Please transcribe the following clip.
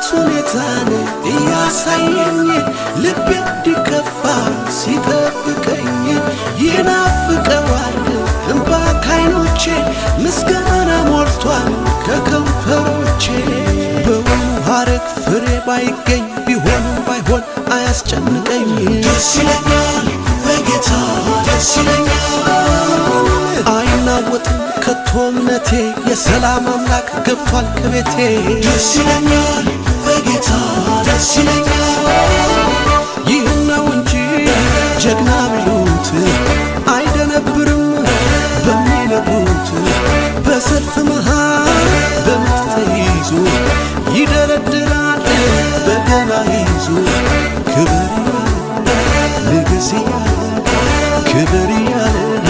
የህይወት ሁኔታን እያሳየኝ ልቤ እንዲከፋ ሲጠብቀኝ ይናፍቀዋል እንባ ካይኖቼ ምስጋና ሞልቷል ከከንፈሮቼ በውኑ ሐረግ ፍሬ ባይገኝ ቢሆንም ባይሆን አያስጨንቀኝ ደስ ይለኛል በጌታ ደስ ይለኛል አይናወጥም ከቶ እምነቴ የሰላም አምላክ ገብቷል ከቤቴ ደስ ይለኛል ይደረድራል በገና ይዞ ክብር ንግሥ ክብር እያለ